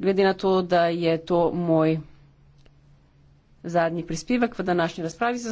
Glede na to, da je to moj zadnji prispevek v današnji razpravi.